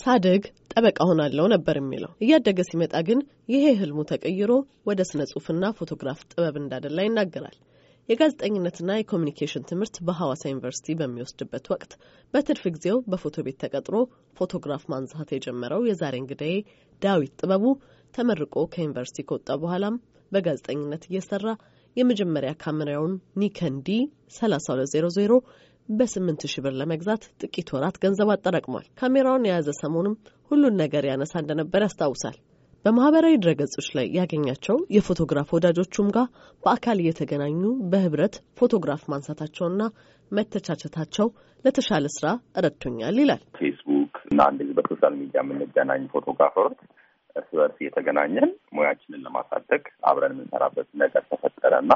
ሳድግ ጠበቃ ሆናለው ነበር የሚለው። እያደገ ሲመጣ ግን ይሄ ህልሙ ተቀይሮ ወደ ስነ ጽሁፍና ፎቶግራፍ ጥበብ እንዳደላ ይናገራል። የጋዜጠኝነትና የኮሚኒኬሽን ትምህርት በሐዋሳ ዩኒቨርሲቲ በሚወስድበት ወቅት በትርፍ ጊዜው በፎቶ ቤት ተቀጥሮ ፎቶግራፍ ማንሳት የጀመረው የዛሬ እንግዳዬ ዳዊት ጥበቡ ተመርቆ ከዩኒቨርሲቲ ከወጣ በኋላም በጋዜጠኝነት እየሰራ የመጀመሪያ ካሜራውን ኒከን ዲ 3200 በስምንት ሺህ ብር ለመግዛት ጥቂት ወራት ገንዘብ አጠራቅሟል። ካሜራውን የያዘ ሰሞኑም ሁሉን ነገር ያነሳ እንደነበር ያስታውሳል። በማህበራዊ ድረገጾች ላይ ያገኛቸው የፎቶግራፍ ወዳጆቹም ጋር በአካል እየተገናኙ በህብረት ፎቶግራፍ ማንሳታቸውና መተቻቸታቸው ለተሻለ ስራ ረድቶኛል ይላል። ፌስቡክ እና እንደዚህ በሶሻል ሚዲያ የምንገናኝ ፎቶግራፈሮች እርስ በርስ እየተገናኘን ሙያችንን ለማሳደግ አብረን የምንሰራበት ነገር ተፈጠረ እና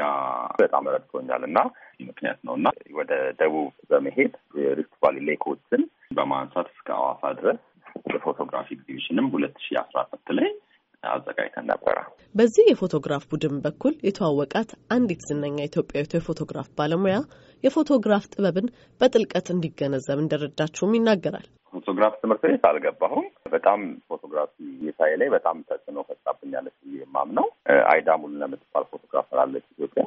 ያ በጣም ረድቶኛል እና በዚህ ምክንያት ነው እና ወደ ደቡብ በመሄድ የሪፍት ቫሊ ሌኮችን በማንሳት እስከ አዋሳ ድረስ የፎቶግራፊ ኤግዚቢሽንም ሁለት ሺ አስራ አራት ላይ አዘጋጅተን ነበረ። በዚህ የፎቶግራፍ ቡድን በኩል የተዋወቃት አንዲት ዝነኛ ኢትዮጵያዊት የፎቶግራፍ ባለሙያ የፎቶግራፍ ጥበብን በጥልቀት እንዲገነዘብ እንደረዳችውም ይናገራል። ፎቶግራፍ ትምህርት ቤት አልገባሁም። በጣም ፎቶግራፊ የሳይ ላይ በጣም ተጽዕኖ ፈጣብኛለች ብዬ የማምነው አይዳ ሙሉ የምትባል ፎቶግራፈር አለች ኢትዮጵያ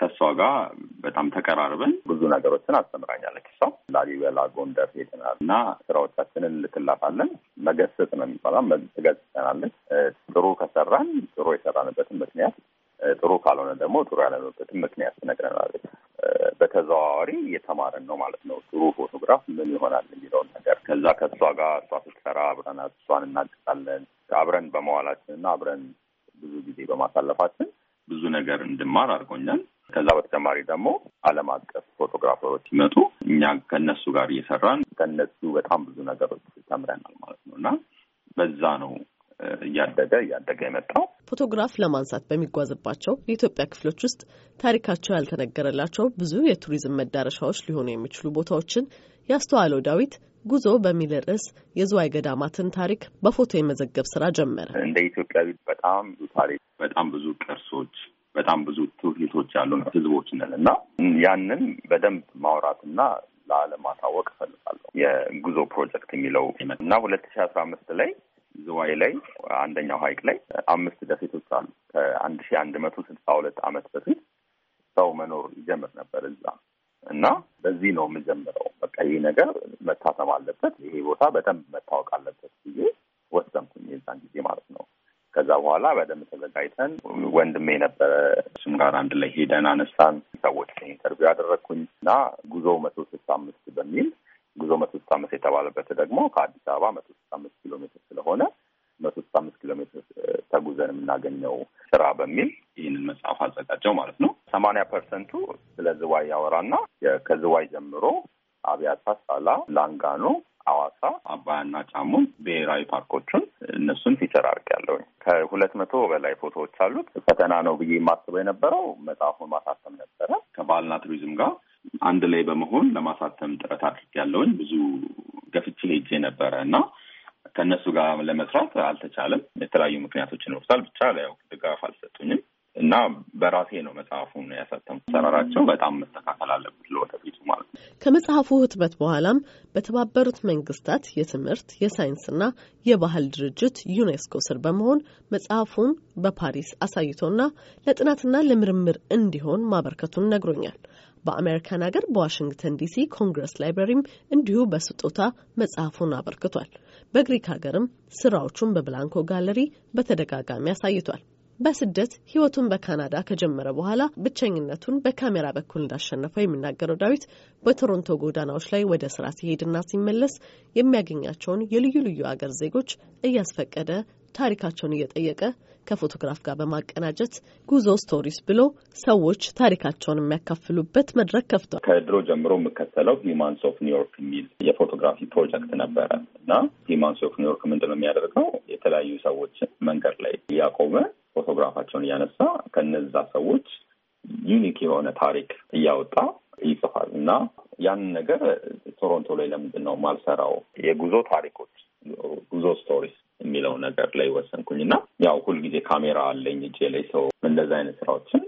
ከእሷ ጋር በጣም ተቀራርበን ብዙ ነገሮችን አስተምራኛለች። እሷ ላሊበላ፣ ጎንደር ሄደናል እና ስራዎቻችንን ልክላፋለን። መገሰጥ ነው የሚባለው። ትገጽተናለች። ጥሩ ከሰራን ጥሩ የሰራንበትን ምክንያት ጥሩ ካልሆነ ደግሞ ጥሩ ያለንበትን ምክንያት ትነግረናለች። በተዘዋዋሪ እየተማረን ነው ማለት ነው። ጥሩ ፎቶግራፍ ምን ይሆናል የሚለውን ነገር ከዛ ከእሷ ጋር እሷ ስትሰራ አብረናት እሷን እናግጣለን። አብረን በመዋላችን እና አብረን ብዙ ጊዜ በማሳለፋችን ብዙ ነገር እንድማር አድርጎኛል። ከዛ በተጨማሪ ደግሞ ዓለም አቀፍ ፎቶግራፈሮች ሲመጡ እኛ ከነሱ ጋር እየሰራን ከነሱ በጣም ብዙ ነገሮች ተምረናል ማለት ነው እና በዛ ነው እያደገ እያደገ የመጣው። ፎቶግራፍ ለማንሳት በሚጓዝባቸው የኢትዮጵያ ክፍሎች ውስጥ ታሪካቸው ያልተነገረላቸው ብዙ የቱሪዝም መዳረሻዎች ሊሆኑ የሚችሉ ቦታዎችን ያስተዋለው ዳዊት ጉዞ በሚል ርዕስ የዝዋይ ገዳማትን ታሪክ በፎቶ የመዘገብ ስራ ጀመረ። እንደ ኢትዮጵያዊ በጣም ብዙ ታሪክ፣ በጣም ብዙ ቅርሶች በጣም ብዙ ትውፊቶች ያሉን ህዝቦች ነን እና ያንን በደንብ ማውራትና ለዓለም ማሳወቅ እፈልጋለሁ። የጉዞ ፕሮጀክት የሚለው እና ሁለት ሺ አስራ አምስት ላይ ዝዋይ ላይ አንደኛው ሀይቅ ላይ አምስት ደሴቶች አሉ። ከአንድ ሺ አንድ መቶ ስልሳ ሁለት አመት በፊት ሰው መኖር ይጀምር ነበር እዛ እና በዚህ ነው የምጀምረው። በቃ ይህ ነገር መታተም አለበት፣ ይሄ ቦታ በደንብ መታወቅ አለበት ብዬ ወሰንኩኝ የዛን ጊዜ ማለት ነው። ከዛ በኋላ በደንብ ተዘጋጅተን ወንድሜ የነበረ እሱም ጋር አንድ ላይ ሄደን አነሳን። ሰዎች ኢንተርቪው ያደረግኩኝ እና ጉዞ መቶ ስልሳ አምስት በሚል ጉዞ መቶ ስልሳ አምስት የተባለበት ደግሞ ከአዲስ አበባ መቶ ስልሳ አምስት ኪሎ ሜትር ስለሆነ መቶ ስልሳ አምስት ኪሎ ሜትር ተጉዘን የምናገኘው ስራ በሚል ይህንን መጽሐፍ አዘጋጀው ማለት ነው። ሰማንያ ፐርሰንቱ ስለ ዝዋይ ያወራና ከዝዋይ ጀምሮ አብያታ፣ ሳላ፣ ላንጋኖ ሐዋሳ፣ አባያና ጫሙን ብሔራዊ ፓርኮችን እነሱን ፊቸር ያለው ከሁለት መቶ በላይ ፎቶዎች አሉት። ፈተና ነው ብዬ የማስበው የነበረው መጽሐፉን ማሳተም ነበረ። ከባህልና ቱሪዝም ጋር አንድ ላይ በመሆን ለማሳተም ጥረት አድርጌያለሁኝ። ብዙ ገፍቼ ሄጄ ነበረ እና ከእነሱ ጋር ለመስራት አልተቻለም። የተለያዩ ምክንያቶች ይኖሩታል። ብቻ ያው ድጋፍ አልሰጡኝም እና በራሴ ነው መጽሐፉን ያሳተሙ። ሰራራቸው በጣም መስተካከል አለበት ለወደፊት ማለት ነው። ከመጽሐፉ ህትመት በኋላም በተባበሩት መንግስታት የትምህርት የሳይንስና የባህል ድርጅት ዩኔስኮ ስር በመሆን መጽሐፉን በፓሪስ አሳይቶና ለጥናትና ለምርምር እንዲሆን ማበርከቱን ነግሮኛል። በአሜሪካን ሀገር በዋሽንግተን ዲሲ ኮንግረስ ላይብረሪም እንዲሁ በስጦታ መጽሐፉን አበርክቷል። በግሪክ ሀገርም ስራዎቹን በብላንኮ ጋለሪ በተደጋጋሚ አሳይቷል። በስደት ህይወቱን በካናዳ ከጀመረ በኋላ ብቸኝነቱን በካሜራ በኩል እንዳሸነፈው የሚናገረው ዳዊት በቶሮንቶ ጎዳናዎች ላይ ወደ ስራ ሲሄድና ሲመለስ የሚያገኛቸውን የልዩ ልዩ አገር ዜጎች እያስፈቀደ ታሪካቸውን እየጠየቀ ከፎቶግራፍ ጋር በማቀናጀት ጉዞ ስቶሪስ ብሎ ሰዎች ታሪካቸውን የሚያካፍሉበት መድረክ ከፍቷል። ከድሮ ጀምሮ የምከተለው ሂማንስ ኦፍ ኒውዮርክ የሚል የፎቶግራፊ ፕሮጀክት ነበረ እና ሂማንስ ኦፍ ኒውዮርክ ምንድነው የሚያደርገው? የተለያዩ ሰዎችን መንገድ ላይ እያቆመ ስማቸውን እያነሳ ከነዛ ሰዎች ዩኒክ የሆነ ታሪክ እያወጣ ይጽፋል እና ያንን ነገር ቶሮንቶ ላይ ለምንድን ነው ማልሰራው? የጉዞ ታሪኮች ጉዞ ስቶሪስ የሚለው ነገር ላይ ወሰንኩኝ እና ያው ሁልጊዜ ካሜራ አለኝ እጄ ላይ ሰው እንደዚ አይነት ስራዎችን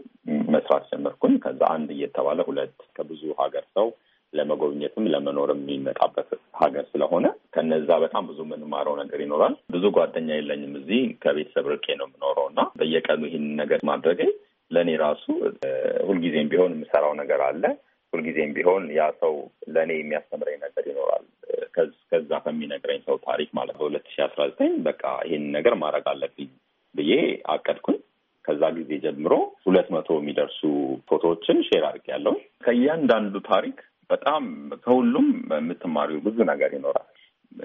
መስራት ጀመርኩኝ። ከዛ አንድ እየተባለ ሁለት ከብዙ ሀገር ሰው ለመጎብኘትም ለመኖርም የሚመጣበት ሀገር ስለሆነ ከነዛ በጣም ብዙ የምንማረው ነገር ይኖራል። ብዙ ጓደኛ የለኝም እዚህ ከቤተሰብ ርቄ ነው የምኖረው እና በየቀኑ ይህን ነገር ማድረገኝ ለእኔ ራሱ ሁልጊዜም ቢሆን የምሰራው ነገር አለ። ሁልጊዜም ቢሆን ያ ሰው ለእኔ የሚያስተምረኝ ነገር ይኖራል ከዛ ከሚነግረኝ ሰው ታሪክ ማለት ነው። በሁለት ሺ አስራ ዘጠኝ በቃ ይህን ነገር ማድረግ አለብኝ ብዬ አቀድኩኝ። ከዛ ጊዜ ጀምሮ ሁለት መቶ የሚደርሱ ፎቶዎችን ሼር አድርጌያለሁ። ከእያንዳንዱ ታሪክ በጣም ከሁሉም የምትማሪው ብዙ ነገር ይኖራል።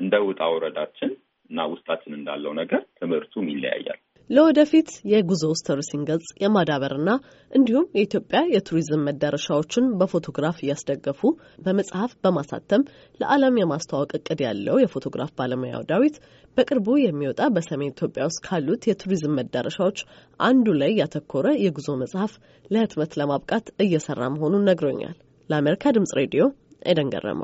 እንደ ውጣ ውረዳችን እና ውስጣችን እንዳለው ነገር ትምህርቱም ይለያያል። ለወደፊት የጉዞ ስተርሲን ገጽ የማዳበርና እንዲሁም የኢትዮጵያ የቱሪዝም መዳረሻዎችን በፎቶግራፍ እያስደገፉ በመጽሐፍ በማሳተም ለዓለም የማስተዋወቅ እቅድ ያለው የፎቶግራፍ ባለሙያው ዳዊት በቅርቡ የሚወጣ በሰሜን ኢትዮጵያ ውስጥ ካሉት የቱሪዝም መዳረሻዎች አንዱ ላይ ያተኮረ የጉዞ መጽሐፍ ለህትመት ለማብቃት እየሰራ መሆኑን ነግሮኛል። ለአሜሪካ ድምጽ ሬዲዮ ኤደን ገረመው